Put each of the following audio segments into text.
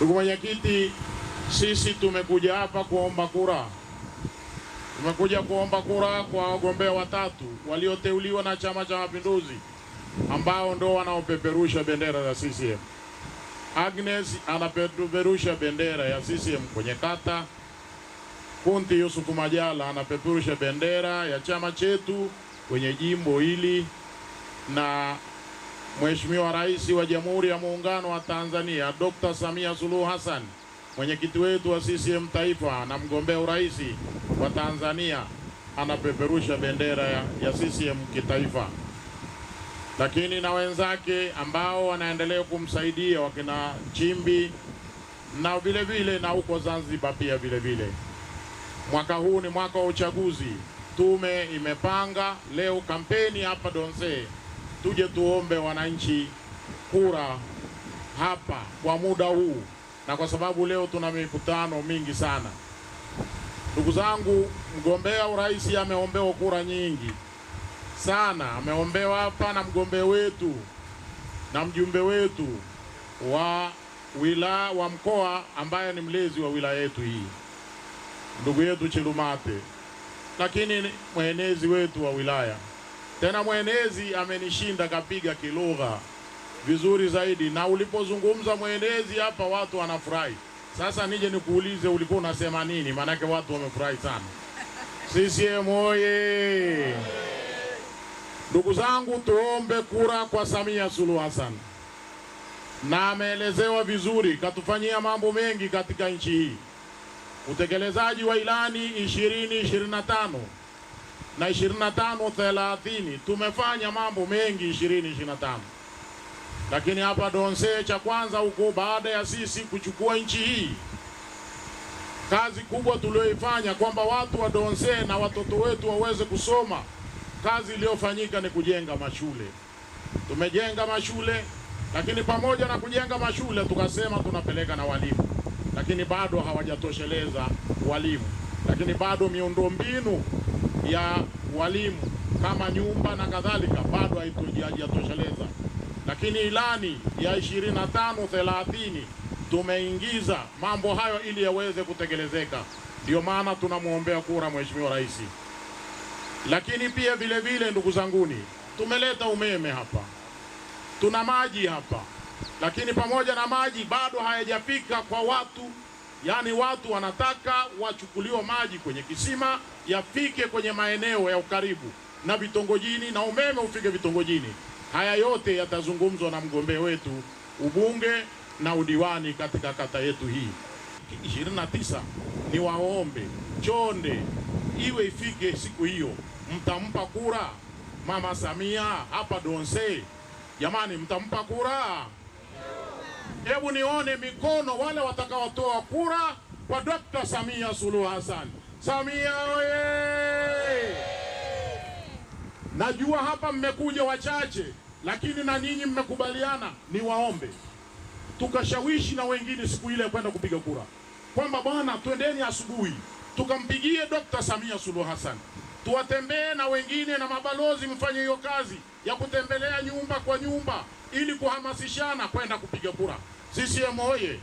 Ndugu mwenyekiti, sisi tumekuja hapa kuomba kura, tumekuja kuomba kura kwa wagombea watatu walioteuliwa na Chama cha Mapinduzi ambao ndo wanaopeperusha bendera ya CCM. Agnes anapeperusha bendera ya CCM kwenye kata. Kunti Yusuf Majala anapeperusha bendera ya chama chetu kwenye jimbo hili na Mheshimiwa Rais wa Jamhuri ya Muungano wa Tanzania Dr. Samia Suluhu Hassan, mwenyekiti wetu wa CCM Taifa na mgombea urais wa Tanzania, anapeperusha bendera ya CCM kitaifa, lakini na wenzake ambao wanaendelea kumsaidia wakina Chimbi na vile vile na huko Zanzibar pia vile vile. Mwaka huu ni mwaka wa uchaguzi, tume imepanga leo kampeni hapa Donse tuje tuombe wananchi kura hapa kwa muda huu, na kwa sababu leo tuna mikutano mingi sana. Ndugu zangu, mgombea urais ameombewa kura nyingi sana, ameombewa hapa na mgombea wetu na mjumbe wetu wa wilaya wa mkoa ambaye ni mlezi wa wilaya yetu hii, ndugu yetu Chelumate, lakini mwenezi wetu wa wilaya tena mwenezi amenishinda, kapiga kilugha vizuri zaidi, na ulipozungumza mwenezi hapa watu wanafurahi. Sasa nije nikuulize, ulikuwa unasema nini? Maanake watu wamefurahi sana. CCM oye! Ndugu zangu, tuombe kura kwa Samia Suluhu Hassan, na ameelezewa vizuri, katufanyia mambo mengi katika nchi hii. Utekelezaji wa ilani ishirini ishirini na tano na 25 30. Tumefanya mambo mengi 25, lakini hapa Donse cha kwanza huko, baada ya sisi kuchukua nchi hii, kazi kubwa tulioifanya kwamba watu wa Donse na watoto wetu waweze kusoma, kazi iliyofanyika ni kujenga mashule. Tumejenga mashule, lakini pamoja na kujenga mashule tukasema tunapeleka na walimu, lakini bado hawajatosheleza walimu, lakini bado miundombinu ya walimu kama nyumba na kadhalika bado haitojiajatosheleza, lakini ilani ya 25 30 tumeingiza mambo hayo ili yaweze kutekelezeka. ndio maana tunamwombea kura Mheshimiwa Rais. Lakini pia vile vile, ndugu zanguni, tumeleta umeme hapa, tuna maji hapa, lakini pamoja na maji bado hayajafika kwa watu yaani watu wanataka wachukuliwe maji kwenye kisima yafike kwenye maeneo ya ukaribu na vitongojini na umeme ufike vitongojini. Haya yote yatazungumzwa na mgombea wetu ubunge na udiwani katika kata yetu hii 29. Ni waombe chonde iwe ifike siku hiyo, mtampa kura Mama Samia hapa Donse? Jamani, mtampa kura? Hebu nione mikono wale watakaotoa kura kwa Dr. Samia Suluhu Hassan. Samia oye! Najua hapa mmekuja wachache, lakini na ninyi mmekubaliana, ni waombe tukashawishi na wengine siku ile kwenda kupiga kura, kwamba bwana, twendeni asubuhi tukampigie Dr. Samia Suluhu Hassan, tuwatembee na wengine na mabalozi, mfanye hiyo kazi ya kutembelea nyumba kwa nyumba ili kuhamasishana kwenda kupiga kura. CCM hoye!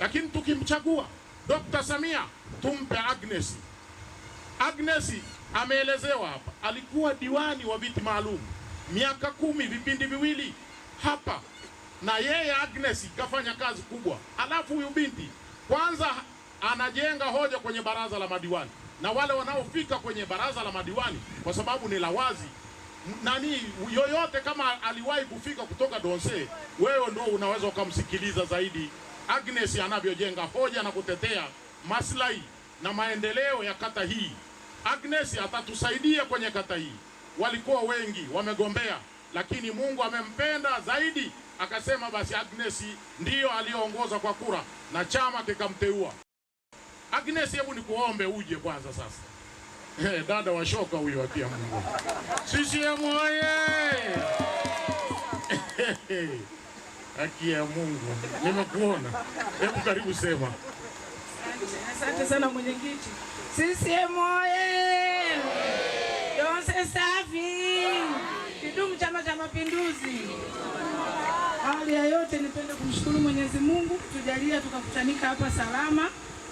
Lakini tukimchagua Dr. Samia tumpe Agnes. Agnes ameelezewa hapa, alikuwa diwani wa viti maalum miaka kumi, vipindi viwili hapa, na yeye Agnes kafanya kazi kubwa. Alafu huyu binti kwanza anajenga hoja kwenye baraza la madiwani na wale wanaofika kwenye baraza la madiwani, kwa sababu ni la wazi nani yoyote kama aliwahi kufika kutoka Donse, wewe ndio unaweza ukamsikiliza zaidi Agnes anavyojenga hoja na kutetea maslahi na maendeleo ya kata hii. Agnes atatusaidia kwenye kata hii. Walikuwa wengi wamegombea, lakini Mungu amempenda zaidi, akasema basi Agnes ndiyo aliyoongoza kwa kura na chama kikamteua. Agnes, hebu nikuombe uje kwanza sasa Hey, eh, dada wa shoka huyo akia Mungu. CCM oye! Haki ya Mungu, nimekuona. Hebu karibu sema. Asante sana mwenyekiti. ya oye! Dose safi. Kidumu Chama cha Mapinduzi. Hali ya yote, nipende kumshukuru Mwenyezi Mungu kutujalia tukakutanika hapa salama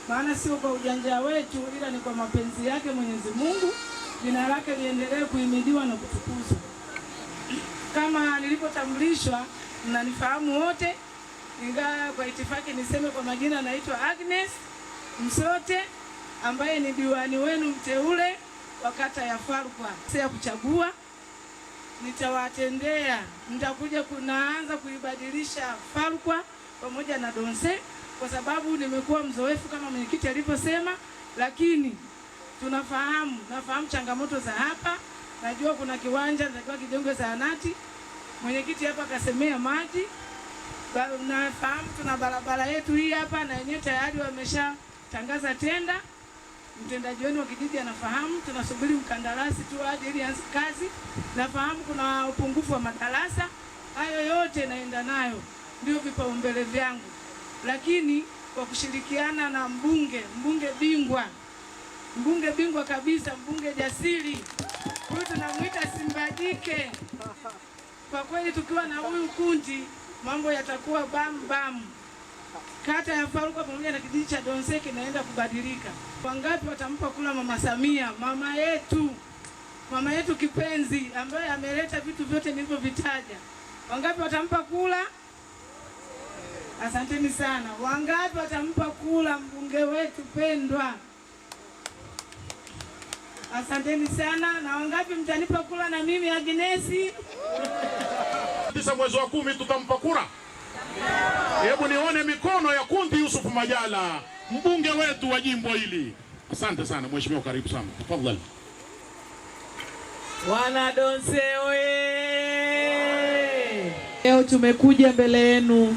maana sio kwa ujanja wetu, ila ni kwa mapenzi yake Mwenyezi Mungu, jina lake liendelee kuhimidiwa na kutukuzwa. Kama nilivyotambulishwa, mnanifahamu wote, ingawa kwa itifaki niseme kwa majina, anaitwa Agnes Msote ambaye ni diwani wenu mteule wa kata ya Farkwa. Sasa kuchagua nitawatendea, nitakuja kunaanza kuibadilisha Farkwa pamoja na Donse kwa sababu nimekuwa mzoefu kama mwenyekiti alivyosema, lakini tunafahamu, nafahamu changamoto za hapa. Najua kuna kiwanja natakiwa kijengwe zahanati, mwenyekiti hapa akasemea maji. Nafahamu tuna barabara yetu hii hapa, na yenyewe tayari wameshatangaza tenda. Mtendaji wenu wa kijiji anafahamu, tunasubiri mkandarasi tu aje ili anze kazi. Nafahamu kuna upungufu wa madarasa, hayo yote naenda nayo, ndio vipaumbele vyangu lakini kwa kushirikiana na mbunge, mbunge bingwa, mbunge bingwa kabisa, mbunge jasiri, huyu tunamwita Simba Jike. Kwa kweli tukiwa na huyu kundi mambo yatakuwa bam bam. Kata ya Faruka pamoja na kijiji cha Donseki inaenda kubadilika. Wangapi watampa kula Mama Samia, mama yetu, mama yetu kipenzi, ambaye ameleta vitu vyote nilivyovitaja? Wangapi watampa kula? Asanteni sana. Wangapi watampa kula mbunge wetu pendwa? Asanteni sana. Na wangapi mtanipa kula na mimi Agnesi? Tisa mwezi wa kumi tutampa kura. Hebu nione mikono ya kundi Yusuf Majala, mbunge wetu wa jimbo hili. Asante sana mheshimiwa, karibu sana. Tafadhali. Wana Donse oye! Leo tumekuja mbele yenu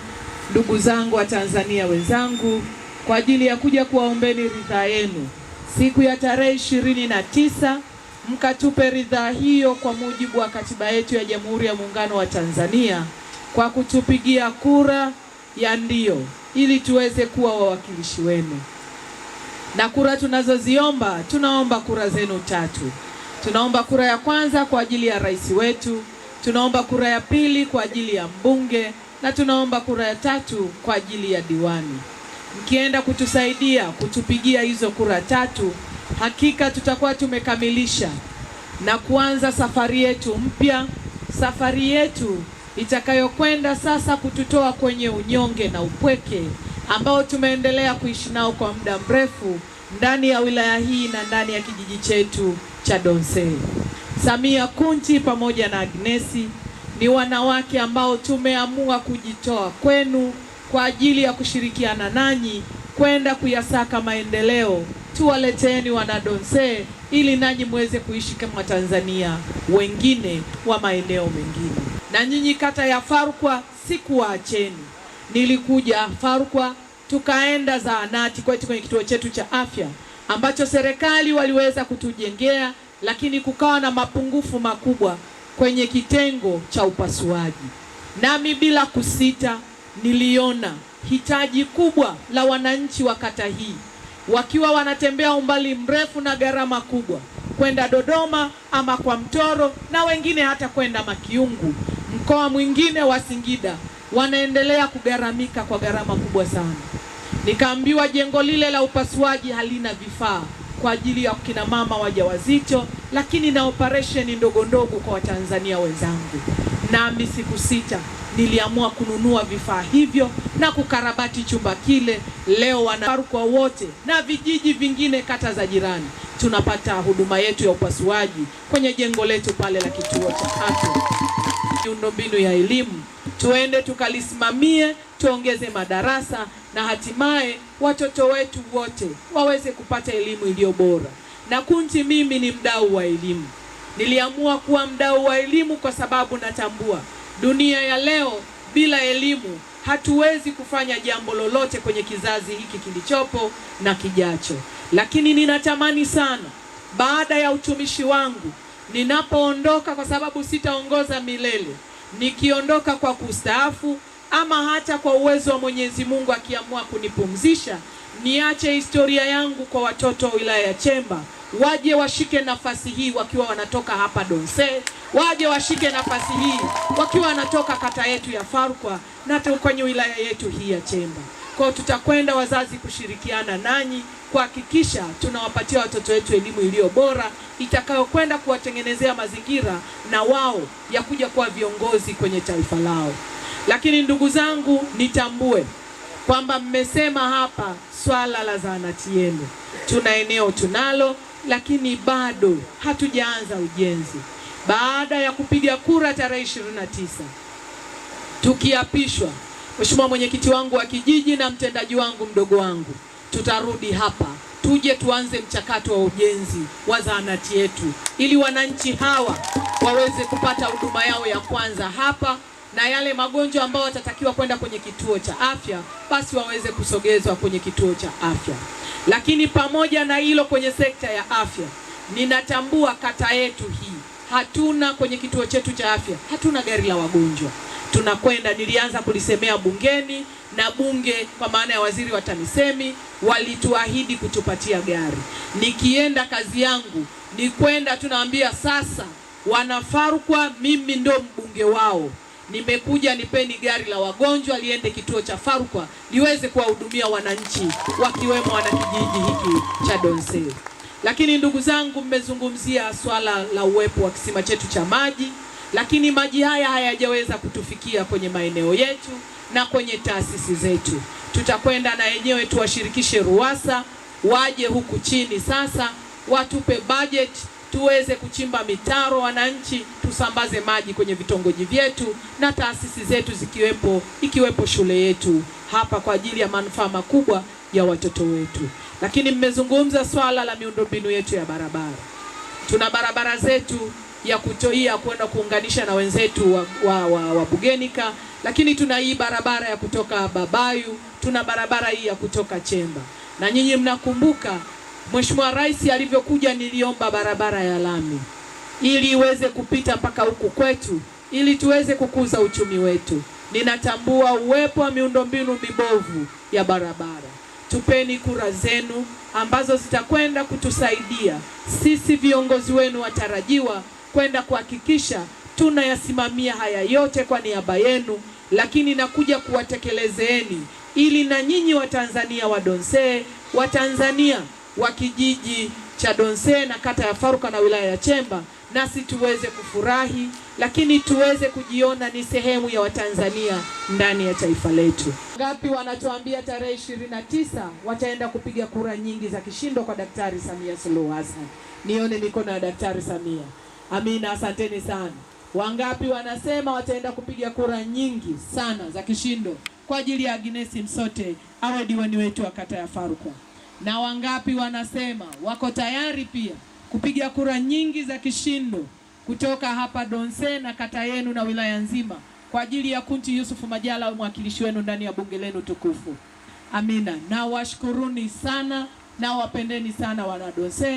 ndugu zangu wa Tanzania wenzangu kwa ajili ya kuja kuwaombeni ridhaa yenu siku ya tarehe ishirini na tisa mkatupe ridhaa hiyo kwa mujibu wa katiba yetu ya Jamhuri ya Muungano wa Tanzania kwa kutupigia kura ya ndio ili tuweze kuwa wawakilishi wenu. Na kura tunazoziomba, tunaomba kura zenu tatu. Tunaomba kura ya kwanza kwa ajili ya rais wetu, tunaomba kura ya pili kwa ajili ya mbunge na tunaomba kura ya tatu kwa ajili ya diwani. Mkienda kutusaidia kutupigia hizo kura tatu, hakika tutakuwa tumekamilisha na kuanza safari yetu mpya, safari yetu itakayokwenda sasa kututoa kwenye unyonge na upweke ambao tumeendelea kuishi nao kwa muda mrefu ndani ya wilaya hii na ndani ya kijiji chetu cha Donsey. Samia Kunti pamoja na Agnesi ni wanawake ambao tumeamua kujitoa kwenu kwa ajili ya kushirikiana nanyi kwenda kuyasaka maendeleo. Tuwaleteeni wanadonse ili nanyi muweze kuishi kama Watanzania wengine wa maeneo mengine. Na nyinyi kata ya Farkwa sikuwaacheni, nilikuja Farkwa tukaenda zahanati kwetu kwenye kituo chetu cha afya ambacho serikali waliweza kutujengea, lakini kukawa na mapungufu makubwa kwenye kitengo cha upasuaji, nami bila kusita niliona hitaji kubwa la wananchi wa kata hii wakiwa wanatembea umbali mrefu na gharama kubwa kwenda Dodoma ama kwa Mtoro na wengine hata kwenda Makiungu, mkoa mwingine wa Singida, wanaendelea kugharamika kwa gharama kubwa sana. Nikaambiwa jengo lile la upasuaji halina vifaa kwa ajili ya kina mama wajawazito, lakini na operesheni ndogo ndogo kwa Watanzania wenzangu. Nami sita niliamua kununua vifaa hivyo na kukarabati chumba kile. Leo wanaarukwa wote na vijiji vingine, kata za jirani, tunapata huduma yetu ya upasuaji kwenye jengo letu pale la kituo cha afya. Miundombinu ya elimu tuende tukalisimamie, tuongeze madarasa na hatimaye watoto wetu wote waweze kupata elimu iliyo bora. Na Kunti, mimi ni mdau wa elimu. Niliamua kuwa mdau wa elimu kwa sababu natambua dunia ya leo bila elimu hatuwezi kufanya jambo lolote kwenye kizazi hiki kilichopo na kijacho. Lakini ninatamani sana baada ya utumishi wangu ninapoondoka, kwa sababu sitaongoza milele nikiondoka kwa kustaafu ama hata kwa uwezo wa Mwenyezi Mungu akiamua kunipumzisha, niache historia yangu kwa watoto wa wilaya ya Chemba, waje washike nafasi hii wakiwa wanatoka hapa Donse, waje washike nafasi hii wakiwa wanatoka kata yetu ya Farkwa na kwenye wilaya yetu hii ya Chemba. Kwa tutakwenda wazazi kushirikiana nanyi kuhakikisha tunawapatia watoto wetu elimu iliyo bora itakayokwenda kuwatengenezea mazingira na wao ya kuja kuwa viongozi kwenye taifa lao. Lakini ndugu zangu, nitambue kwamba mmesema hapa swala la zahanati yenu, tuna eneo tunalo, lakini bado hatujaanza ujenzi. Baada ya kupiga kura tarehe 29 tukiapishwa Mheshimiwa mwenyekiti wangu wa kijiji na mtendaji wangu mdogo wangu, tutarudi hapa tuje tuanze mchakato wa ujenzi wa zahanati yetu ili wananchi hawa waweze kupata huduma yao ya kwanza hapa na yale magonjwa ambayo watatakiwa kwenda kwenye kituo cha afya basi waweze kusogezwa kwenye kituo cha afya. Lakini pamoja na hilo, kwenye sekta ya afya, ninatambua kata yetu hii hatuna kwenye kituo chetu cha afya hatuna gari la wagonjwa tunakwenda, nilianza kulisemea bungeni na bunge kwa maana ya waziri wa TAMISEMI walituahidi kutupatia gari. Nikienda kazi yangu ni kwenda, tunaambia sasa, wanafarukwa, mimi ndo mbunge wao, nimekuja, nipeni gari la wagonjwa liende kituo cha Farukwa liweze kuwahudumia wananchi wakiwemo wanakijiji hiki cha donse Lakini ndugu zangu, mmezungumzia swala la uwepo wa kisima chetu cha maji lakini maji haya hayajaweza kutufikia kwenye maeneo yetu na kwenye taasisi zetu. Tutakwenda na yenyewe tuwashirikishe RUWASA waje huku chini sasa, watupe budget tuweze kuchimba mitaro, wananchi tusambaze maji kwenye vitongoji vyetu na taasisi zetu zikiwepo, ikiwepo shule yetu hapa kwa ajili ya manufaa makubwa ya watoto wetu. Lakini mmezungumza swala la miundombinu yetu ya barabara. Tuna barabara zetu ya kutoia kwenda kuunganisha na wenzetu wa, wa, wa, wa Bugenika, lakini tuna hii barabara ya kutoka Babayu, tuna barabara hii ya kutoka Chemba, na nyinyi mnakumbuka Mheshimiwa Rais alivyokuja, niliomba barabara ya lami ili iweze kupita mpaka huku kwetu ili tuweze kukuza uchumi wetu. Ninatambua uwepo wa miundombinu mibovu ya barabara. Tupeni kura zenu ambazo zitakwenda kutusaidia sisi viongozi wenu watarajiwa kwenda kuhakikisha tunayasimamia haya yote kwa niaba yenu, lakini nakuja kuwatekelezeeni ili na nyinyi Watanzania wa Donsee, Watanzania wa kijiji cha Donsee na kata ya Faruka na wilaya ya Chemba, nasi tuweze kufurahi, lakini tuweze kujiona ni sehemu ya Watanzania ndani ya taifa letu. Ngapi wanatuambia tarehe ishirini na tisa wataenda kupiga kura nyingi za kishindo kwa Daktari Samia Suluhu Hassan. Nione mikono ya Daktari Samia. Amina, asanteni sana. Wangapi wanasema wataenda kupiga kura nyingi sana za kishindo kwa ajili ya Agnes Msote awe diwani wetu wa kata ya Farukwa? Na wangapi wanasema wako tayari pia kupiga kura nyingi za kishindo kutoka hapa Donse na kata yenu na wilaya nzima kwa ajili ya Kunti Yusufu Majala mwakilishi wenu ndani ya bunge lenu tukufu. Amina, na washukuruni sana na wapendeni sana Donse.